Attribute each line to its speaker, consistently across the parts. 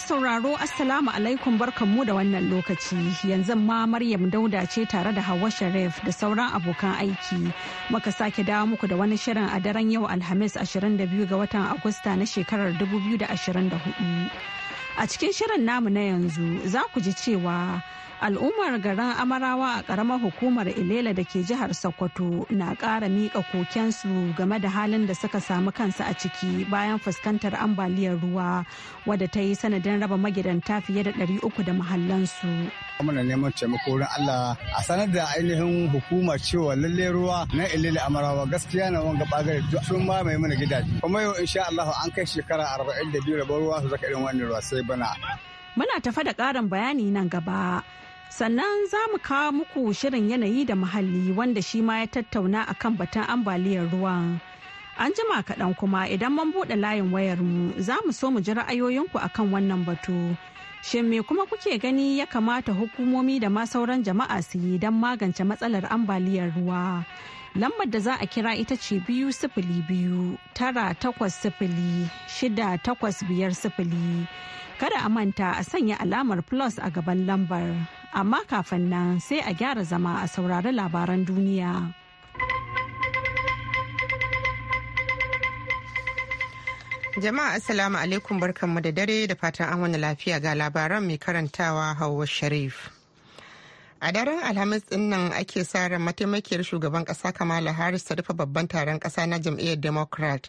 Speaker 1: sauraro Assalamu alaikum barkanmu da wannan lokaci yanzu ma Maryam Dauda ce tare da Hauwa Sharif da sauran abokan aiki muka sake dawo muku da wani shirin a daren yau Alhamis 22 ga watan Agusta na shekarar 2024. A cikin shirin namu na yanzu za ku ji cewa al'ummar garin amarawa a karamar hukumar ilela da ke jihar sokoto na ƙara miƙa kokensu game da halin da suka samu kansu a ciki bayan fuskantar ambaliyar ruwa wadda ta yi sanadin raba magidanta fiye da 300 da mahallansu.
Speaker 2: muna neman taimako wurin allah a sanar da ainihin hukuma cewa lalle ruwa na ilela amarawa gaskiya na wanga bagare sun ma mai mana gidaje kuma yau insha allah an kai shekara 42 rabar ruwa su zaka irin wannan ruwa sai bana.
Speaker 1: Muna tafa da karin bayani nan gaba. sannan za mu kawo muku shirin yanayi da muhalli wanda shi ma ya tattauna a kan batun ambaliyar ruwa an jima kaɗan kuma idan mun buɗe layin wayar mu za mu so mu ji ra'ayoyinku akan wannan batu shin me kuma kuke gani ya kamata hukumomi da ma sauran jama'a su yi don magance matsalar ambaliyar ruwa lambar da za a kira ita ce biyu sifili biyu tara takwas sifili shida takwas biyar sifili Kada a manta a sanya alamar plus a gaban lambar, amma kafin nan sai a gyara zama a saurari labaran duniya.
Speaker 3: Jama'a Assalamu alaikum barkanmu da dare da fatan an wani lafiya ga labaran mai karantawa Hauwa Sharif. A daren Alhamis din nan ake sa ran mataimakiyar shugaban kasa Kamala Harris ta rufe babban taron kasa na jam'iyyar Democrat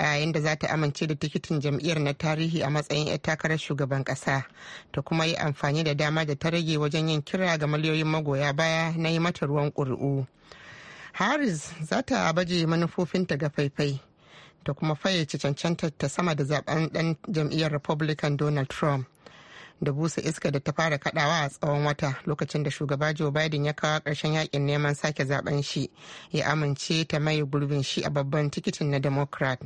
Speaker 3: yayin da za ta amince da tikitin jam'iyyar na tarihi a matsayin 'yar takarar shugaban kasa ta kuma yi amfani da dama da ta rage wajen yin kira ga miliyoyin magoya baya na yi mata ruwan ƙuri'u. Harris za ta baje manufofinta ga faifai ta kuma fayyace cancanta ta sama da zaben dan jam'iyyar Republican Donald Trump. da busa iska da ta fara kadawa a tsawon wata lokacin da shugaba joe biden ya kawo ƙarshen yakin neman sake zaben shi ya amince ta maye gurbin shi a babban tikitin na democrat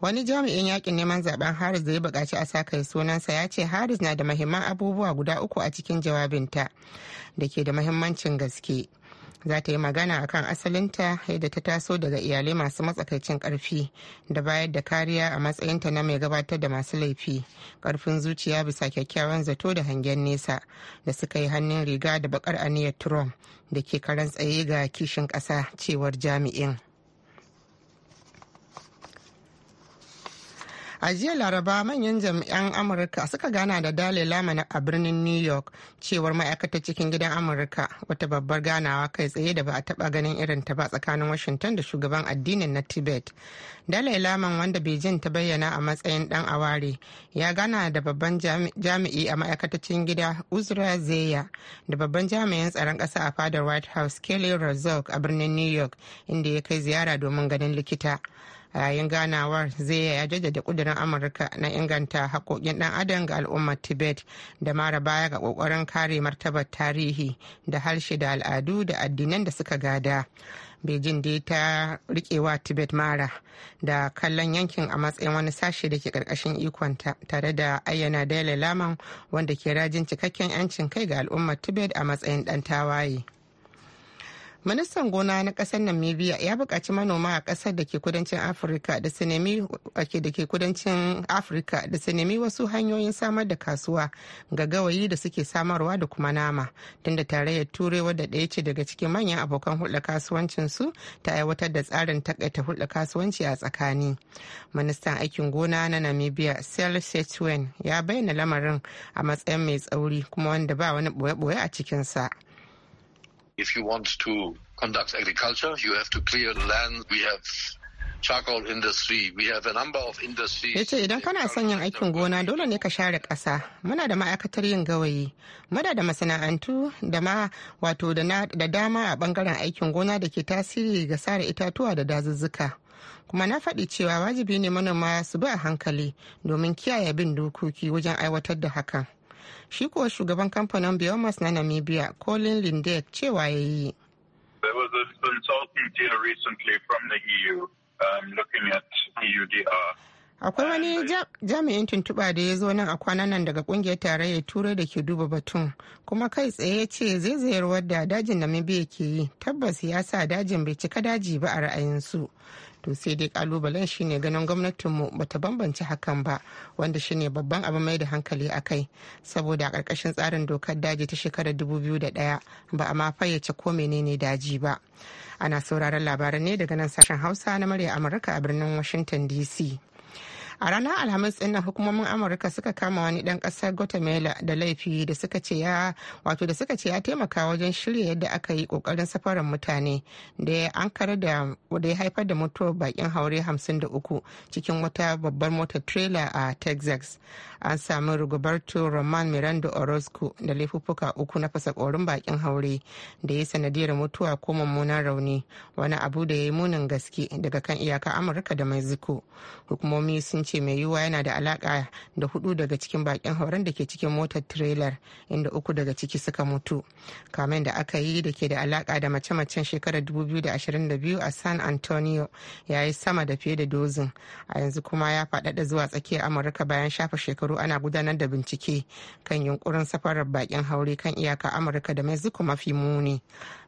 Speaker 3: wani jami'in yakin neman zaben harris da ya bukaci a sa kai sunansa ya ce harris na da mahimman abubuwa guda uku a cikin jawabinta da ke da mahimmancin gaske za ta yi magana a kan asalinta yadda ta taso daga iyalai masu matsakaicin karfi da bayar da kariya a matsayinta na mai gabatar da masu laifi karfin zuciya bisa kyakkyawan zato da hangen nesa da suka yi hannun riga da bakar aniyar trump da ke karan tsaye ga kishin ƙasa cewar jami'in a jiya laraba manyan jami'an amurka suka gana da dalai lama a birnin new york cewar ma'aikatar cikin gidan amurka wata babbar ganawa kai tsaye da ba a taba ganin irin ta ba tsakanin washington da shugaban addinin na tibet dalai laman wanda beijing ta bayyana a matsayin dan aware ya gana da babban jami'i a ma'aikatacin gida uzra zeya da babban jami'in tsaron ƙasa a fadar white house kelly razok a birnin new york inda ya kai ziyara domin ganin likita yayin ganawar zai ya jaddada kudirin amurka na inganta haƙoƙin ɗan adam ga al'ummar tibet da mara baya ga ƙoƙarin kare martabar tarihi da harshe da al'adu da addinan da suka gada beijing dai ta rikewa tibet mara da kallon yankin a matsayin wani sashe da ke karkashin ikonta tare da ayyana dalai laman wanda ke rajin cikakken 'yancin kai ga al'ummar tibet a matsayin ɗan tawaye. ministan gona na kasar namibia ya buƙaci manoma a ƙasar da ke kudancin afirka da su nemi da ke kudancin afirka da su nemi wasu hanyoyin samar da kasuwa ga gawayi da suke samarwa da kuma nama tunda tarayyar turai wadda ɗaya ce daga cikin manyan abokan hulɗa kasuwancin su ta aiwatar da tsarin takaita hulɗa kasuwanci a tsakani ministan aikin gona na namibia sel setwen ya bayyana lamarin a matsayin mai tsauri kuma wanda ba wani boye-boye a cikinsa.
Speaker 4: If you want to conduct agriculture, you have to clear the land. We have charcoal industry. We have a number of industries.
Speaker 3: yace idan kana son yin aikin gona dole ne ka share ƙasa. Muna da ma'aikatar yin gawayi, muna da masana'antu da ma wato da dama a bangaren aikin gona da ke tasiri ga sare itatuwa da dazuzzuka. kuma na faɗi cewa wajibi ne manoma su bi a hankali domin kiyaye bin dokoki wajen aiwatar da hakan. shi kuwa shugaban kamfanin biomas na namibia colin lindek cewa ya yi e
Speaker 2: um, e
Speaker 3: akwai wani jami'in tuntuɓa da ya zo nan a kwanan nan daga kungiyar tarayyar turai da ke duba batun kuma kai tsaye ya ce zaizayarwar da dajin namibia ke yi tabbas ya sa dajin bai cika daji ba a ra'ayinsu to sai dai kalubalen shine ganin gwamnatinmu bata bambanci hakan ba wanda shine babban abin mai da hankali a kai saboda a ƙarƙashin tsarin dokar daji ta shekarar 2001 ba a ma fayyace ko menene daji ba ana sauraron labaran ne daga nan sashen hausa na murya amurka a birnin washington dc a ranar alhamis din hukumomin amurka suka kama wani dan kasar guatemala da laifi da suka ce ya wato da suka ce ya taimaka wajen shirya yadda aka yi ƙoƙarin safarar mutane da ya ankara da ya haifar da mutuwar bakin haure 53 cikin wata babbar motar trailer a texas an sami rigoberto roman miranda orozco da laifuffuka uku na fasa korin bakin haure da ya sanadiyar mutuwa ko mummunan rauni wani abu da ya yi munin gaske daga kan iyaka amurka da mexico hukumomi sun ce mai yiwuwa yana da alaka da hudu daga cikin bakin hauren da ke cikin motar trailer inda uku daga ciki suka mutu kamen da aka yi da ke da alaka da mace-macen shekarar 2022 a san antonio ya yi sama da fiye da dozin a yanzu kuma ya faɗaɗa zuwa tsakiyar amurka bayan shafa shekaru ana gudanar da bincike kan yunkurin safarar bakin haure kan iyaka amurka da mexico mafi muni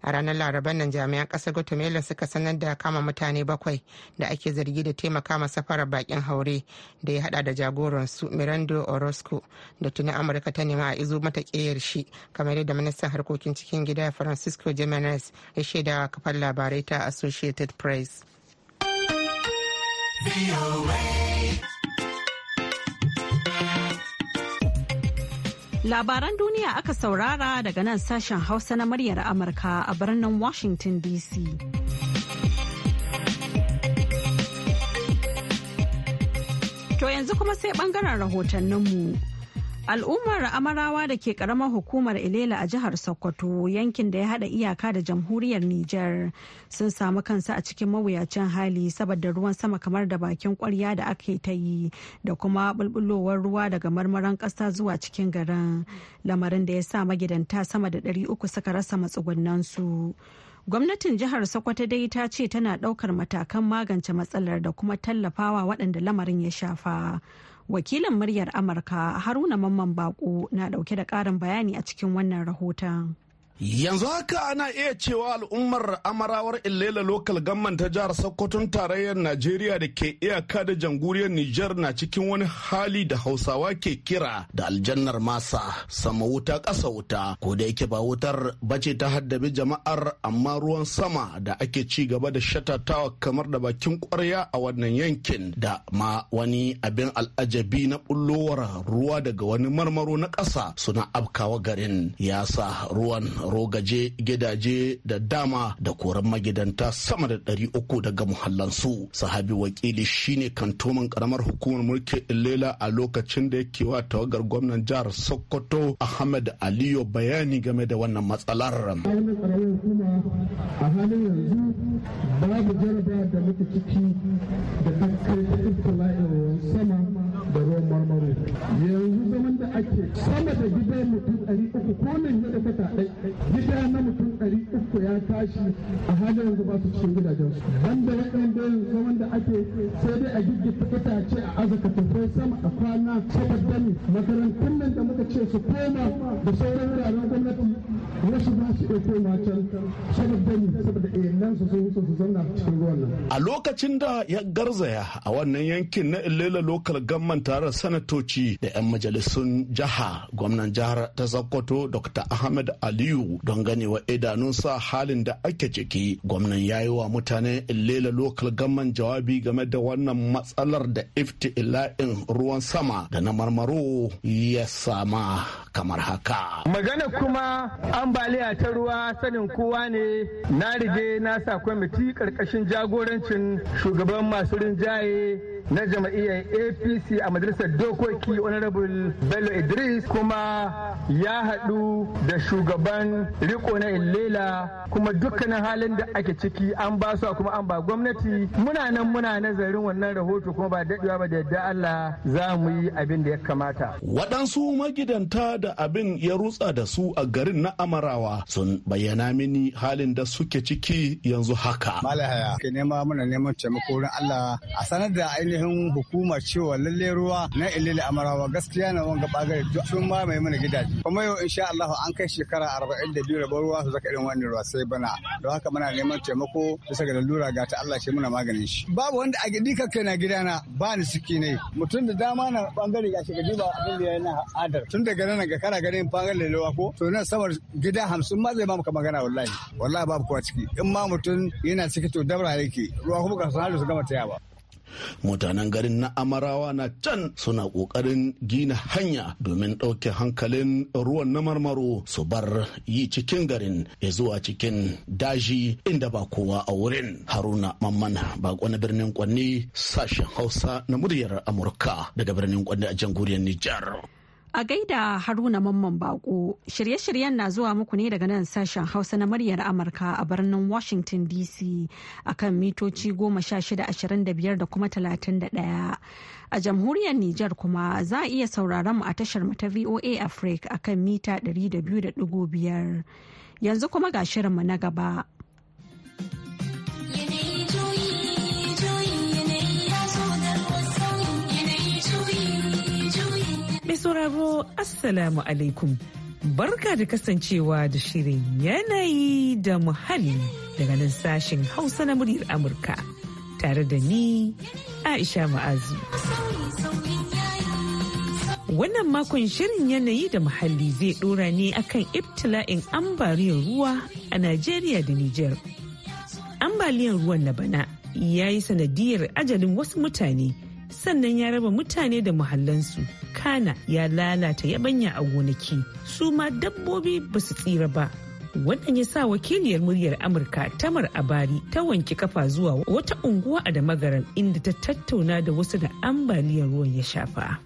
Speaker 3: a ranar laraban nan jami'an ƙasar guatemala suka sanar da kama mutane bakwai da ake zargi da taimaka ma safarar bakin haure da ya hada da jagoransu mirando orozco da tuni amurka ta nema a izo mata kiyar shi kamar yadda ministan harkokin cikin gida francisco jimenez ya shaida kafar labarai ta associated press
Speaker 1: Labaran duniya aka saurara daga nan sashen Hausa na muryar Amurka a birnin Washington DC. To yanzu kuma sai bangaren rahotanninmu. Al'ummar Amarawa da ke karamar hukumar Ilela a jihar Sokoto yankin da ya hada iyaka da jamhuriyar Nijar sun samu kansa a cikin mawuyacin hali saboda ruwan sama kamar da bakin kwarya da aka ta yi da kuma bulbulowar ruwa daga marmaran ƙasa zuwa cikin garin lamarin da ya sa magidanta sama da 300 suka rasa matsugunansu. Gwamnatin jihar Sokoto dai ta ce tana ɗaukar matakan magance matsalar da kuma tallafawa waɗanda lamarin ya shafa. Wakilin muryar Amurka Haruna Mamman baƙo na ɗauke da ƙarin bayani a cikin wannan rahoton.
Speaker 4: Yanzu haka ana iya cewa al'ummar amarawar Ilela lokal gamman ta jihar Sokoton tarayyar Najeriya da ke iyaka da jamhuriyar Nijar na cikin wani hali da Hausawa ke kira da aljannar masa sama wuta ƙasa wuta ko da yake ba wutar bace ta haddabi jama'ar amma ruwan sama da ake ci gaba da shatatawa kamar da bakin ƙwarya a wannan yankin da ma wani abin al'ajabi na bullowar ruwa daga wani marmaro na ƙasa suna afkawa garin ya sa ruwan rogaje gidaje da dama da koran magidanta sama da ɗari uku daga muhallansu sahabi wakili shine kantoman karamar hukumar mulki ilela a lokacin da yake wa tawagar gwamnan jihar sokoto ahmed aliyu bayani game da wannan matsalar sama da ruwan da ake wajen mutum ɗari uku ko nan ya da kata gida na mutum ɗari uku ya tashi a halin yanzu ba su cikin gidajen su wanda waɗanda yanzu wanda ake sai dai a giggita itace a aza katafai sama a kwana saboda ne makarantun nan da muka ce su koma da sauran wuraren gwamnati wasu ba su iya koma can saboda ne saboda iyalan su sun su zauna cikin ruwan nan. A lokacin da ya garzaya a wannan yankin na Ilela lokal Gamman tare sanatoci da 'yan majalisun jiha gwamnan jihar ta Sokoto Dr. Ahmed Aliyu don ganewa idanunsa halin da ake ciki. Gwamnan ya yi wa mutane Ilela Local Gamman jawabi game da wannan matsalar da ifti ifti'ila'in ruwan sama da na marmaro ya sama kamar haka.
Speaker 2: Magana kuma ambaliya ta ruwa sanin kowa ne na rige na sa kwamiti karkashin jagorancin shugaban masu rinjaye na jam'iyyar apc a majalisar dokoki honorable bello idris kuma ya haɗu
Speaker 4: da shugaban riko na illela kuma dukkanin halin da ake ciki an ba su
Speaker 2: kuma an ba gwamnati muna nan muna nazarin wannan rahoto kuma ba daɗewa ba da yadda allah za mu yi abin da ya kamata
Speaker 4: waɗansu magidanta da abin ya rutsa da su a garin na amarawa sun bayyana mini halin da suke ciki yanzu haka
Speaker 2: malaya nema muna neman taimako allah a sanar da ainihin ainihin hukuma cewa lalle ruwa na ilili amarawa gaskiya na wanga bagare sun ma mai mana gidaje kuma yau insha Allah an kai shekara 42 biyu ruwa su zaka irin wannan ruwa sai bana don haka muna neman taimako bisa ga lalura ga ta Allah shi muna maganin shi babu wanda a gidi kai na gidana ba ni siki ne mutum da dama na bangare ga shi gaji ba abin da yana adar tun daga nan ga kana ganin bangare lewa ko to nan samar gida 50 ma zai ba maka magana wallahi wallahi babu kowa ciki in ma mutum yana ciki to dabra yake ruwa kuma ka san da su gama taya ba
Speaker 4: mutanen garin na
Speaker 2: amarawa na can
Speaker 4: suna ƙoƙarin gina hanya domin ɗauke hankalin ruwan na marmaro su bar yi cikin garin ya zuwa cikin daji inda ba kowa a wurin haruna mamman bako na birnin kwanni sashen hausa na muryar amurka daga birnin kwanni a jamhuriyar nijar
Speaker 1: A gaida Haruna Mamman Bako, shirye-shiryen na zuwa muku ne daga nan sashen Hausa na muryar Amurka a birnin Washington DC a kan mitoci goma sha shida ashirin da biyar da kuma talatin da ɗaya. A jamhuriyar Nijar kuma za a iya sauraron mu a tashar mu ta VOA Africa a kan mita ɗari da biyu da biyar. Yanzu kuma ga shirinmu na gaba.
Speaker 5: sauraro Assalamu alaikum. Barka da kasancewa da shirin yanayi da muhalli daga nan sashen Hausa na muryar Amurka tare da ni Aisha Ma'azu. Wannan makon shirin yanayi da muhalli zai dora ne akan ibtila'in ambaliyar ruwa a Najeriya da Nijar. Ambaliyar ruwan na bana ya yi sanadiyar ajalin wasu mutane. sannan ya raba mutane da muhallansu kana ya lalata yabanya a gonaki su ma dabbobi ba su tsira ba wannan ya sa wakiliyar muryar amurka tamar abari ta wanke kafa zuwa wata unguwa a da magaran inda ta tattauna da wasu da ambaliyar ruwan ya shafa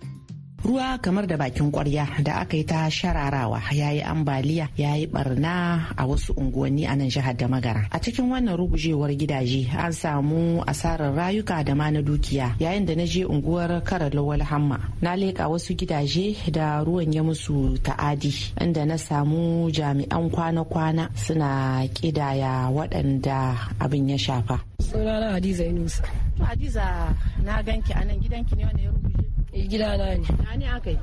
Speaker 6: ruwa kamar da bakin kwarya da aka yi ta shararawa ya yi ambaliya ya yi barna a wasu unguwanni a nan jihar da magara a cikin wannan rugujewar gidaje an samu asarar rayuka da ma na dukiya yayin da na je unguwar karar lawal hamma na leƙa wasu gidaje da ruwan ya musu ta'adi inda na samu jami'an kwana-kwana suna kidaya waɗanda abin ya shafa sunana hadiza yunusa hadiza na ganki a nan gidanki ne wanda ya rubuce gidana ne ne aka yi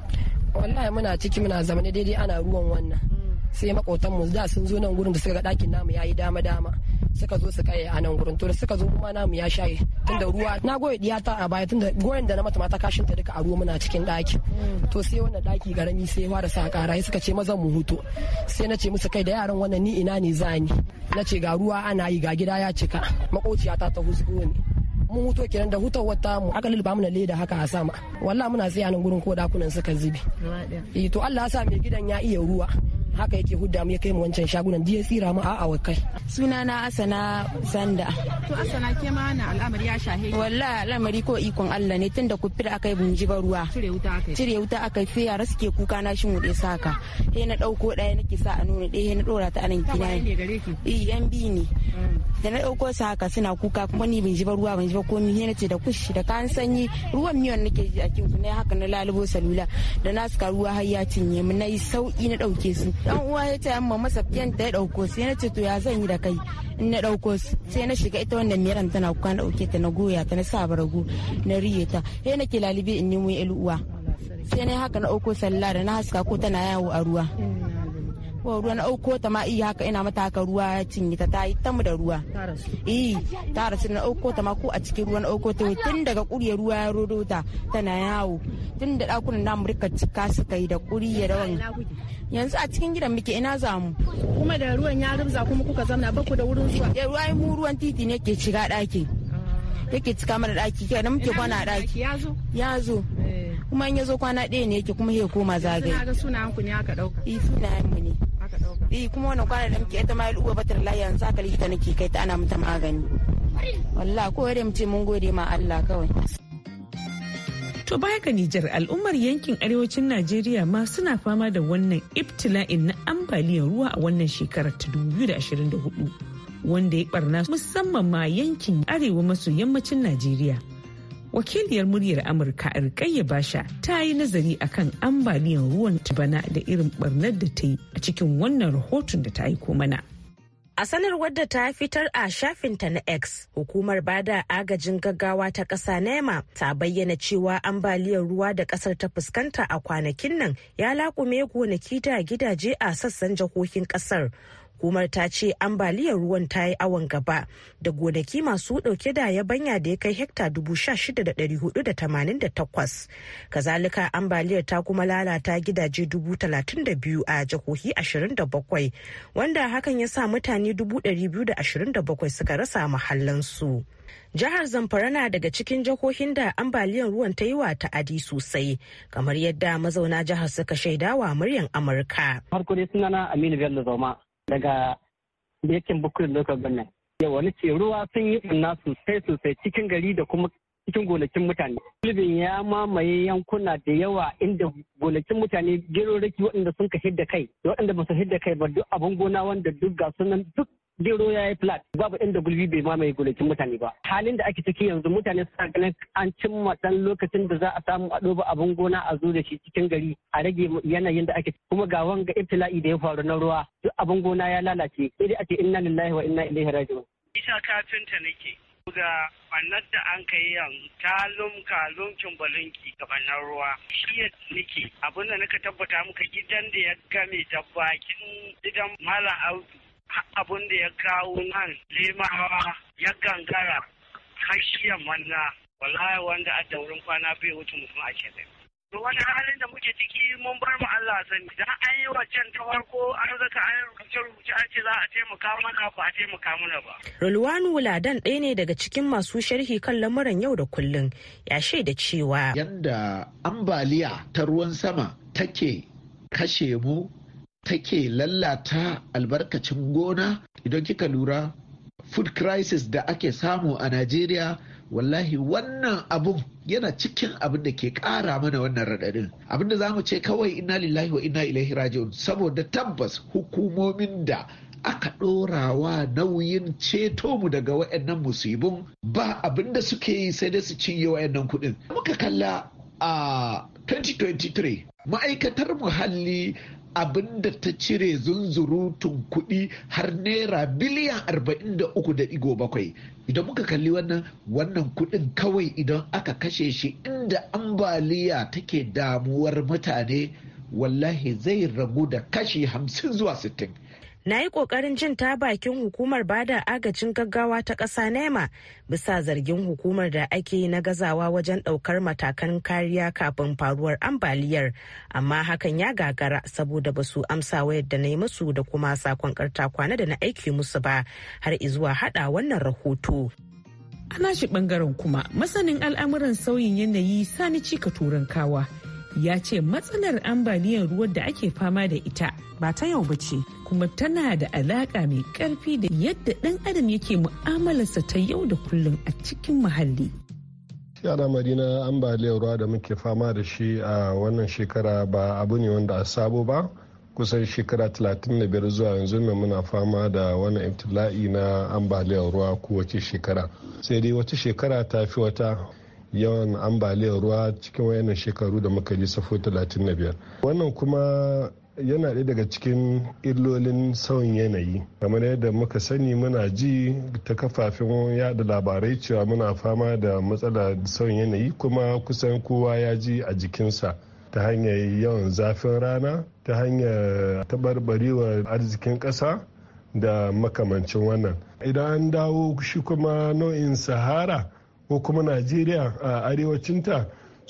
Speaker 6: wallahi muna ciki muna zama ne daidai ana ruwan wannan mm. sai makotan mu da sun zo nan gurin da suka ga dakin namu yayi dama dama suka zo su kai a nan gurin to da suka zo kuma namu ya shaye tunda ruwa na goye diyata a baya tunda goyen da na mata mata kashin ta duka a ruwa muna cikin daki mm. to sai wannan daki garami sai fara sa kara suka ce mazan mu hutu sai na ce musu kai da yaran wannan ni ina ne zani na ce ga ruwa ana yi ga gida ya cika makociya ta ta husko ne mun huto kenan da hutar wata mu aka lulluba mana leda haka a sama wallahi muna tsaya a nan gurin ko dakunan suka zube eh, to Allah ya sa mai gidan ya iya ruwa haka yake hudda mu ya kai mu wancan shagunan jiya tsira mu a'a kai na asana sanda to asana ke ma na al'amari ya shahe wallahi al'amari ko ikon Allah ne tunda fira akai bun ji ruwa cire wuta akai cire wuta akai sai yara suke kuka na shin wuɗe saka sai na dauko daya nake sa a nuna daya na dora ta anan gida eh yan bi ne mm. da na dauko sa haka suna kuka kuma ni bin ji ruwa ban ji ba komai ne nace da kushi da kan sanyi ruwan miyon nake ji a ku ne haka na lalubo salula da na suka ruwa har ya cinye mu nayi sauki na dauke su dan uwa ya taya ma masa ta ya dauko sai na ce to ya zan yi da kai in na dauko sai na shiga ita wannan miran tana kuka na dauke ta na goya ta na sa barago na riye ta sai nake lalibe in nemo yan uwa sai na haka na dauko sallah da na haska ko tana yawo a ruwa ruwa na auko ta ma iya haka ina mata haka ruwa ya cinye ta tayi tamu da ruwa eh ta rasu na auko ta ma ko a cikin ruwan auko ta tun daga kuriya ruwa ya rodo ta tana yawo tun da dakunan namu rika cika su yi da kuriya da wani yanzu a cikin gidan muke ina za mu kuma da ruwan ya rubza kuma kuka zamna ba ku da wurin zuwa ya ruwa mu ruwan titi ne ke shiga daki ah. yake cika mana daki kai muke kwana daki ya zo eh. kuma in ya zo kwana ɗaya ne yake kuma ya koma zagaye. Suna ga sunayen ku ne aka ɗauka. Eh ne. eh kuma wannan kwana da muke ita ma uwa batar layi yanzu haka likita nake kai ta ana mata magani wallah ko da mu ce mun gode ma Allah kawai
Speaker 5: To baya ga Nijar al'ummar yankin arewacin Najeriya ma suna fama da wannan ibtila'in na ambaliyar ruwa a wannan shekarar ta 2024 wanda ya barna musamman ma yankin arewa maso yammacin Najeriya. wakiliyar muryar amurka alkayya basha ta yi nazari akan ambaliyar ruwan bana da irin barnar da ta yi a cikin wannan rahoton da ta aiko mana
Speaker 7: A sanarwar da ta fitar a shafinta na X, hukumar bada agajin gaggawa ta ƙasa NEMA ta bayyana cewa ambaliyar ruwa da ƙasar ta fuskanta a kwanakin nan ya laƙume gonaki da gidaje a sassan jihohin ƙasar. hukumar ta ce ambaliyar ruwan ta yi awon gaba da gonaki masu dauke da yabanya da ya kai hekta takwas. kazalika ambaliyar ta kuma lalata gidaje 32,000 a jihohi 27 wanda hakan ya sa mutane 227 suka rasa mahallansu. Jihar Zamfara na daga cikin jihohin da ambaliyar ruwan ta yi wa ta'adi sosai, kamar yadda mazauna jihar suka shaidawa muryan Amurka. Farko dai sunana Aminu Bello Zauma, daga yakin bukuri local government
Speaker 8: ya wani ce ruwa sun yi ɓanna sosai sosai cikin gari da kuma cikin gonakin mutane gulbin ya mamaye yankuna da yawa inda gonakin mutane rikki. waɗanda sun ka hidda kai da waɗanda ba su hidda kai ba duk abin gona wanda duk ga sunan duk gero ya yi flat babu inda gulbi bai mamaye gonakin mutane ba halin da ake ciki yanzu mutane suna ganin an cimma dan lokacin da za a samu a ɗoba abin gona a zo da shi cikin gari a rage yanayin da ake kuma ga wanga iftila'i da ya faru na ruwa duk abin gona ya lalace sai dai ake inna lillahi wa inna ilaihi raji'un
Speaker 4: isa kafinta nake
Speaker 8: ga annar da an kai yan talum kalum cimbalinki gabanin ruwa shi ya nake abin da naka tabbata muka gidan da ya game da bakin gidan malam audu abin da ya kawo nan limawa ya gangara hashiyan manna wallahi wanda a wurin kwana bai wuce mutum ashirin. To wani halin da muke ciki mun bar mu Allah sani dan an yi wacan ta farko an zaka an rubuce rubuce an ce za a taimaka
Speaker 7: mana ba a taimaka mana ba. Rulwanu Wuladan ɗaya ne daga cikin masu sharhi kan lamuran yau da kullun ya shaida cewa. Yanda
Speaker 4: ambaliya ta ruwan sama take kashe mu take lallata albarkacin gona idan kika lura food crisis da ake samu a najeriya wallahi wannan abun yana cikin abin da ke kara mana wannan raɗaɗin abin da za mu ce kawai inna lillahi wa inna ilaihi raji'un saboda tabbas hukumomin da aka ɗorawa nauyin ceto mu daga wayannan musibin ba abin da suke yi sai dai su cinye wayannan kuɗin muka kalla a 2023 ma'aikatar muhalli Abinda ta cire zunzurutun kuɗi har naira biliyan 43.7 idan muka kalli wannan wannan kuɗin kawai idan aka kashe shi inda ambaliya take damuwar mutane wallahi zai ragu da kashi 50 zuwa 60
Speaker 7: na yi kokarin jin ta bakin hukumar bada agajin gaggawa ta ƙasa nema bisa zargin hukumar da ake na gazawa wajen ɗaukar matakan kariya kafin faruwar ambaliyar amma hakan ya gagara saboda basu amsa wayar da na yi musu da kuma sakon karta kwana da na aiki musu ba har izuwa hada wannan rahoto. ana shi ɓangaren kuma
Speaker 5: masanin al'amuran sauyin yanayi sani cika turankawa ya ce matsalar ambaliyar ruwan da ake fama da ita ba ta yau ba ce kuma tana da alaƙa mai ƙarfi da yadda ɗan adam yake mu'amalarsa ta yau da kullum a cikin muhalli.
Speaker 2: yara madina ambaliyar ruwa da muke fama da shi a wannan shekara ba abu ne wanda a sabo ba kusan shekara 35 zuwa yanzu mai muna fama da wannan ibtila'i na ambaliyar ruwa kowace shekara sai dai wata shekara ta fi wata yawan ambaliyar ruwa cikin wayannan shekaru da muka lissafo 35 wannan kuma yana ɗaya daga cikin illolin sauyin yanayi kamar yadda muka sani muna ji ta kafafen yada labarai cewa muna fama da matsalar sauyin yanayi kuma kusan kowa ya ji a jikinsa ta hanyar yawan zafin rana ta hanyar taɓarɓarewar arzikin ƙasa da makamancin wannan idan an dawo shi kuma nau'in sahara ko kuma najeriya a arewacinta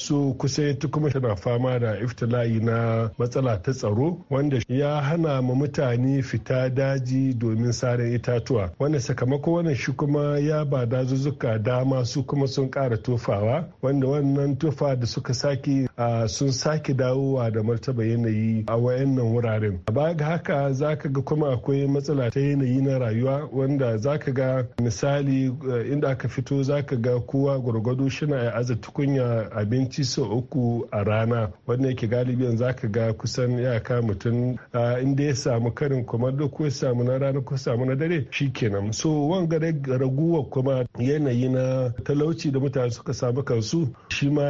Speaker 2: su kusa ita kuma tana fama da iftila'i na matsala ta tsaro wanda ya hana ma mutane fita daji domin sare itatuwa wanda sakamako wannan shi kuma ya ba dazuzzuka dama su kuma sun kara tofawa wanda wannan tofa da suka sake sun sake dawowa da martaba yanayi a wayannan wuraren a baya ga haka za ka ga kuma akwai matsala ta yanayi na rayuwa wanda za ka ga misali eh, inda aka fito za ka ga kowa gwargwado shina ya aza tukunya abinci abinci sau uku a rana wanda yake galibi za ka ga kusan yaka mutum inda ya samu karin kumallo ko ya samu na rana ko samu na dare shikenan kenan so wanga raguwa kuma yanayi na talauci da mutane suka samu kansu shi ma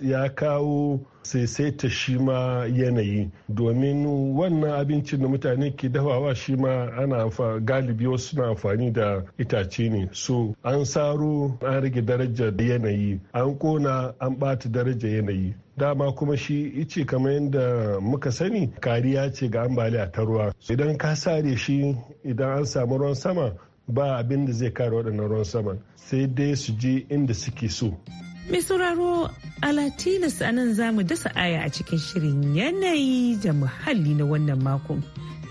Speaker 2: ya kawo saisaita shi ma yanayi domin wannan abincin da mutane ke dafawa shi ma ana galibi wasu suna amfani da itace ne so an saro an rage darajar yanayi an kona an ɓata darajar yanayi dama kuma shi ice kamar yadda muka sani kariya ce ga ambaliya ta ruwa idan ka sare shi idan an samu ruwan sama ba abin da zai kare waɗannan ruwan sama sai dai su je inda suke so
Speaker 5: Mai sauraro alatinas anan a nan za mu dasa aya a cikin shirin yanayi da muhalli na wannan makon.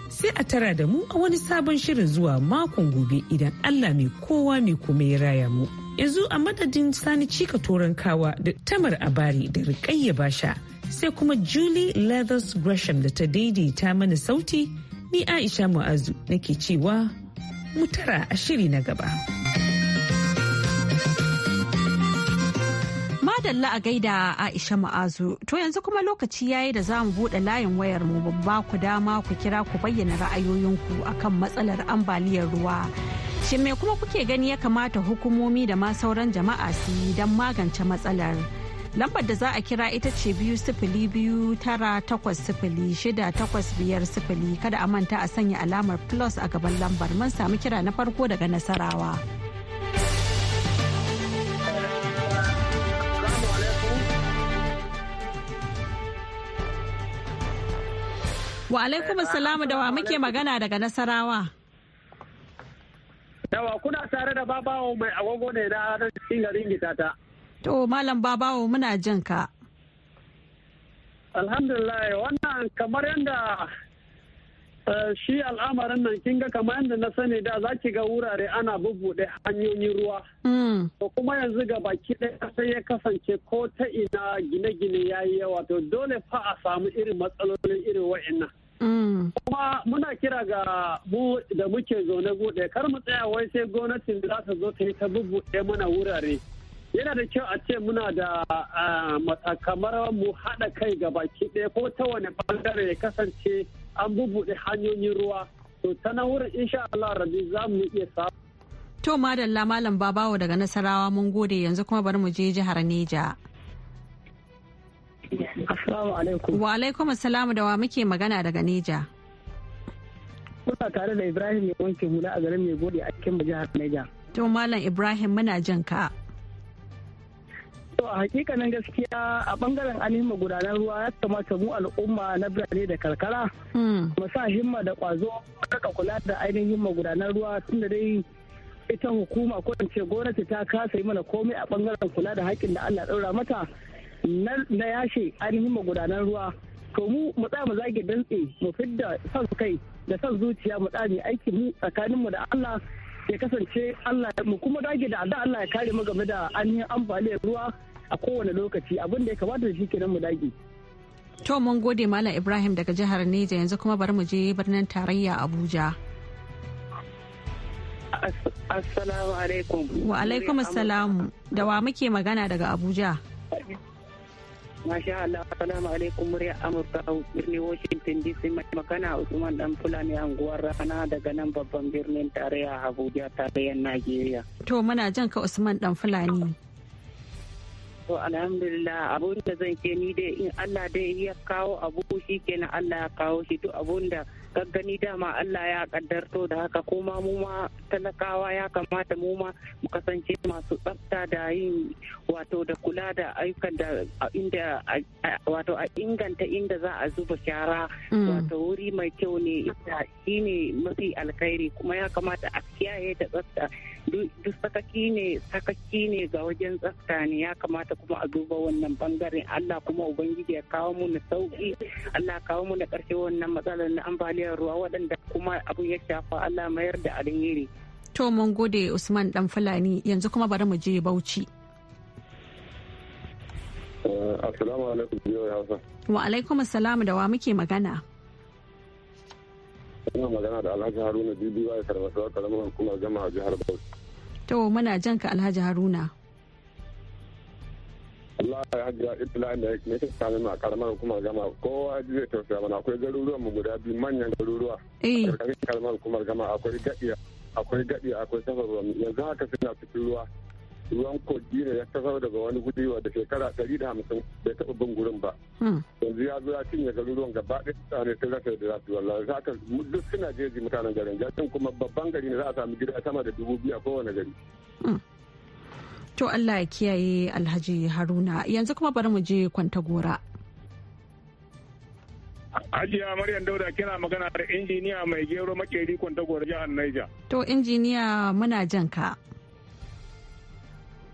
Speaker 5: Sai a tara da mu a wani sabon shirin zuwa makon gobe idan Allah mai kowa mai kuma ya raya mu. Yanzu a madadin sani cika toron kawa da tamar abari da rikayya basha sai kuma Julie Leathers Gresham da ta daidaita mana sauti ni Aisha Mu'azu nake cewa mu tara a shiri na gaba.
Speaker 1: madalla a gaida Aisha Ma'azu. To yanzu kuma lokaci yayi da zamu mu buɗe layin wayar mu babba ku dama ku kira ku bayyana ra'ayoyinku akan matsalar ambaliyar ruwa. Shin me kuma kuke gani ya kamata hukumomi da ma sauran jama'a su yi don magance matsalar? Lambar da za a kira ita ce biyu sifili biyu tara takwas sifili shida takwas biyar sifili kada a manta a sanya alamar plus a gaban lambar mun samu kira na farko daga nasarawa. Wa alaikum salamu da wa muke magana daga Nasarawa.
Speaker 9: Yawa kuna tare da babawo mai agogo
Speaker 1: ne na cikin garin ta. To malam babawo muna jin ka.
Speaker 8: Alhamdulillah wannan kamar yadda eh, shi al'amarin nan kin ga kamar yadda na sani da za ki ga wurare ana bubuɗe hanyoyin ruwa. Hmm. To kuma yanzu ga baki ɗaya sai ya kasance ko ta ina gine-gine ya yi yawa to dole fa a samu irin matsalolin irin wa'annan. Kuma muna kira ga mu da muke zaune buɗe kar mu tsaya wai sai gwamnatin za ta zo ta yi ta bubbuɗe mana wurare. Yana da kyau a ce muna da kamar mu haɗa kai ga baki ɗaya ko ta wani ɓangare ya kasance an bubbuɗe hanyoyin ruwa. To ta nan wurin insha Allah rabi za mu iya samu.
Speaker 1: To madalla malam babawo daga Nasarawa mun gode yanzu kuma bari mu je jihar Neja. Assalamu alaikum. Wa alaikum assalamu da wa muke magana daga Neja.
Speaker 8: Kuna tare da Ibrahim ya wanke hula a garin mai gode a cikin jihar Neja.
Speaker 1: To Malam Ibrahim muna jin ka.
Speaker 8: To a hakikanin gaskiya a bangaren ainihin gudanar ruwa ya kamata mu al'umma na birane da karkara. Hmm. Mu sa himma da kwazo kaka kula da ainihin magudanar ruwa tunda dai ita hukuma ko ce gwamnati ta kasa yi mana komai a bangaren kula da haƙƙin da Allah ɗaura mata. na yashe ainihin magudanan ruwa to mu mu tsaya mu zage dantse mu fidda san kai da san zuciya mu tsaya mu aiki mu tsakanin mu da Allah ya kasance Allah mu kuma dage da addu'a Allah ya kare mu game da ainihin ambaliyar ruwa a kowane lokaci abin da ya kamata shi kenan mu dage
Speaker 1: to mun gode malam Ibrahim daga jihar Neja yanzu kuma bari mu je birnin tarayya Abuja
Speaker 8: Assalamu alaikum. Wa alaikum assalamu.
Speaker 1: Da wa muke magana daga Abuja?
Speaker 8: Masha Allah, salamu alaikum murya Amurka a birnin Washington DC mai magana Usman Dan Fulani anguwar rana daga nan babban birnin tarayya Abuja tarayyar Najeriya.
Speaker 1: To muna jan ka Usman Dan Fulani.
Speaker 8: To alhamdulillah abun da zan ce ni dai in Allah dai ya kawo abu shi kenan Allah ya kawo shi duk abun da gani dama Allah ya kaddarto da haka kuma mu ma talakawa ya kamata mu ma mu kasance masu tsafta da yin wato da kula da ayyukan da inda wato a inganta inda za a zuba shara mm. wato wuri mai kyau ne ita shine mafi alkhairi kuma ya kamata a kiyaye da tsafta duk sakaki ne sakaki ne ga wajen tsafta ne ya kamata kuma a duba wannan bangare Allah kuma ubangiji ya kawo mu na sauki Allah kawo mu na karshe wannan matsalar na ambaliyar ruwa waɗanda kuma abu ya shafa Allah mayar da alheri
Speaker 1: to mun gode Usman dan Fulani yanzu kuma bari mu je Bauchi
Speaker 9: Assalamu alaikum
Speaker 1: Wa alaikum assalam da wa muke magana
Speaker 9: ina magana da alhaji haruna bibi ya karɓa karamar hukumar jama'a jihar bauchi
Speaker 1: to muna jan ka alhaji haruna
Speaker 9: Allah ya hajiya ibla da kuma ta sami ma karamar hukumar gama kowa ji zai tausaya mana akwai garuruwan mu guda biyu manyan garuruwa a eh. karkashin karamar hukumar gama akwai gadiya akwai gadiya akwai safarwa yanzu haka suna cikin ruwa ruwan kogi ne ya kasar daga wani guri da shekara ɗari da hamsin bai taɓa bin gurin ba hmm. yanzu ya zo ya cinye garuruwan gaba ɗaya tsare ta rasa da rasu wallah za ka duk suna jeji mutanen garin jakin kuma babban gari ne za a sami gida sama da dubu biyu a kowane gari. Hmm.
Speaker 1: to Allah ya kiyaye Alhaji Haruna yanzu kuma bari mu je kwanta gora.
Speaker 9: Hajiya Maryam Dauda kina magana da injiniya mai gero makeri kwanta gora jihar Niger.
Speaker 1: To injiniya muna jan ka.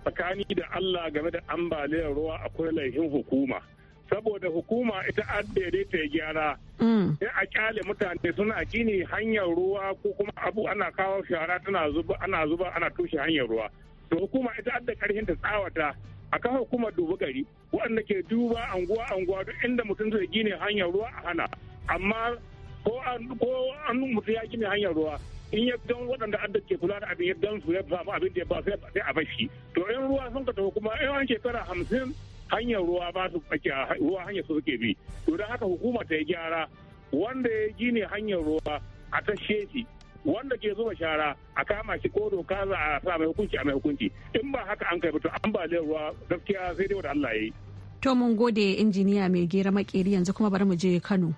Speaker 9: tsakani da Allah game da ambaliyar ruwa akwai laifin hukuma. Saboda hukuma ita addade ta gyara. Mm. Sai a kyale mutane suna gini hanyar ruwa ko kuma abu ana kawo shara tana zuba ana zuba ana tushe hanyar ruwa. To hukuma ita adda karhin ta tsawata a kan hukumar dubu gari waɗanda ke duba anguwa anguwa duk inda mutum zai gini hanyar ruwa a hana. Amma ko an mutum ya gini hanyar ruwa in ya gan waɗanda adda ke kula da abin ya gan su ya samu abin da ya ba sai a bashi to in ruwa sun ka tafi kuma in an shekara hamsin hanyar ruwa ba su ruwa hanyar su suke bi to don haka hukuma ta yi gyara wanda ya gine hanyar ruwa a ta shi wanda ke zuba shara a kama shi ko doka za a sa mai hukunci a mai hukunci in ba haka an kai to ambaliyar ruwa gaskiya sai dai wanda Allah ya yi.
Speaker 1: To mun gode injiniya mai gera makeri yanzu kuma bari mu je Kano.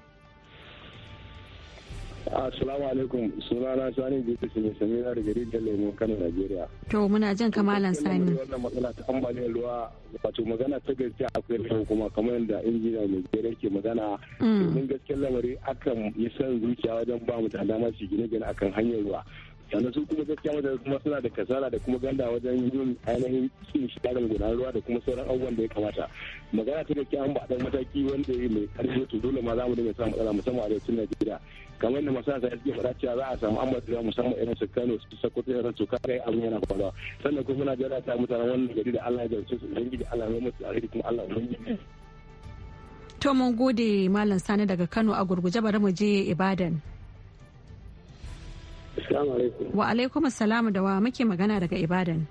Speaker 9: Assalamu alaikum sunana Sani Bisu sami na da jirgin garin Lemo Kano Najeriya.
Speaker 1: To muna jin kamalan Sani.
Speaker 9: Wannan matsala ta ambaliyar ruwa wato magana ta gaskiya akwai rashin kuma kamar yadda injiniya mai gere ke magana mm. domin gaskiyar lamari akan yi son zuciya wajen ba mu da dama su gine-gine akan hanyar ruwa. yanzu su kuma gaskiya wajen kuma suna da kasala da kuma ganda wajen yin ainihin cin shigarar gudanar ruwa da kuma sauran abubuwan da ya kamata magana ta gaske an ba dan mataki wanda ya mai karfi to dole ma za mu dinga samun matsala musamman a arewacin Najeriya kamar da masu asali ya fara cewa za a samu da mu musamman irin su kano su ta yaran su kare abin yana kwalwa sannan kuma na jira ta mutane wannan gari da allah ya jarce su gidi allah ya mutu alheri kuma allah ubangiji
Speaker 1: to mun gode malam sani daga kano a gurguje bari mu je ibadan wa alaikum salamu da wa muke magana daga ibadan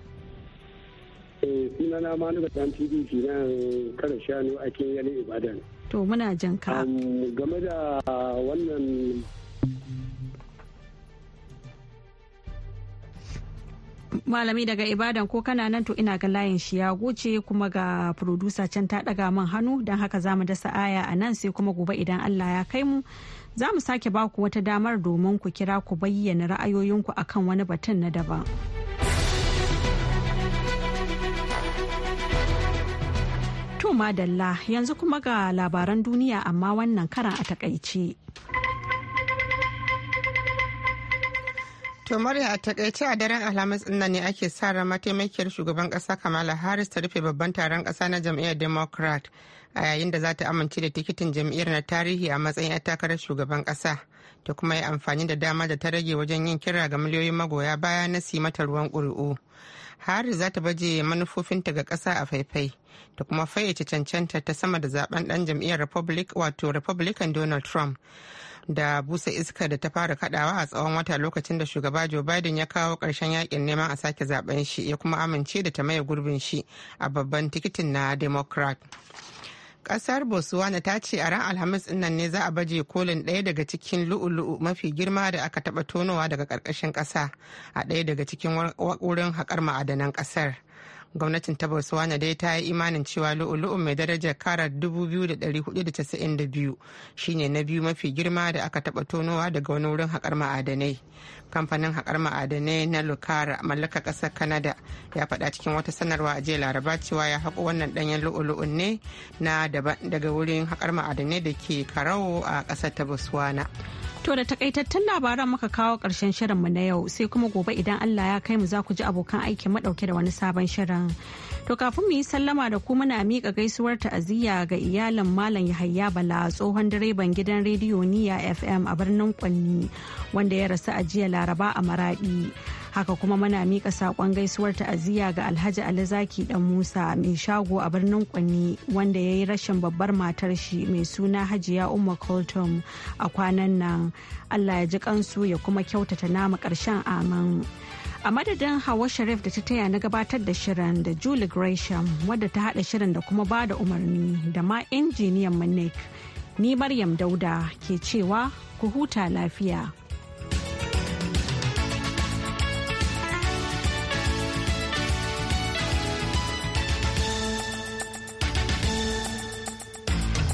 Speaker 8: eh, sunana manu da tv shi na karin shanu ake yanin ibadan
Speaker 1: to muna jan ka
Speaker 8: game da wannan
Speaker 1: malami daga ibadan ko kana nan to ina ga layin shi ya goce kuma ga producer can ta daga man hannu don haka za mu dasa aya a nan sai kuma gobe idan allah ya kai mu za mu sake baku wata damar domin ku kira ku bayyana ra'ayoyinku akan wani batun na daban. To madalla yanzu kuma ga
Speaker 3: labaran duniya amma wannan karan a takaice. To Murya a takaice a daren Alhamis ɗin ne ake sa ran mataimakiyar shugaban ƙasa Kamala Harris ta rufe babban taron ƙasa na jam'iyyar Democrat a yayin da za ta amince da tikitin jam'iyyar na tarihi a matsayin a takarar shugaban ƙasa ta kuma yi amfani da dama da ta rage wajen yin kira ga miliyoyin magoya baya na si mata ruwan ƙuri'u. Harris za ta baje manufofinta ga ƙasa a faifai ta kuma fayyace cancanta ta sama da zaben ɗan jam'iyyar Republic wato Republican Donald Trump. da busa iska da ta fara kadawa a tsawon wata lokacin da shugaba Joe Biden ya kawo ƙarshen yakin neman a sake zaben shi ya kuma amince da ta maye gurbin shi a babban tikitin na Democrat. kasar botswana ta ce a ran alhamis nan ne za a baje kolin ɗaya daga cikin lu'ulu'u mafi girma da aka taɓa tonowa daga ƙarƙashin ƙasa a ɗaya daga cikin wurin haƙar ma'adanan ƙasar gwamnatin ta botswana dai ta yi imanin cewa lu'ulu'u mai darajar karar 2,492 shine na biyu mafi girma da aka taba tonowa daga wani wurin haƙar ma'adanai kamfanin haƙar ma'adanai na lukara mallaka ƙasar kanada ya faɗa cikin wata sanarwa a jiya laraba cewa ya haƙo wannan ɗanyen lu'ulu'un ne na daban daga wurin haƙar ma'adanai da ke karawo a ƙasar ta botswana To da takaitattun labaran muka
Speaker 1: kawo ƙarshen shirinmu na yau sai kuma gobe idan Allah ya kai mu za ku ji abokan aikin madauke da wani sabon shirin. kenan. To kafin mu yi sallama da kuma muna miƙa gaisuwar ta'aziyya ga iyalin Malam Yahaya Bala tsohon direban gidan rediyo Niya FM a birnin Kwanni wanda ya rasu a jiya Laraba a Maradi. Haka kuma muna miƙa saƙon gaisuwar ta'aziyya ga Alhaji Alizaki dan Musa mai shago a birnin Kwanni wanda ya yi rashin babbar matar shi mai suna Hajiya Umma Kultum a kwanan nan. Allah ya ji kansu ya kuma kyautata nama ƙarshen amin. a madadin hawa sharif da ta taya na gabatar da shirin da julie gresham wadda ta haɗa shirin da kuma bada umarni da ma injiniyan manik ni maryam dauda ke cewa ku huta lafiya.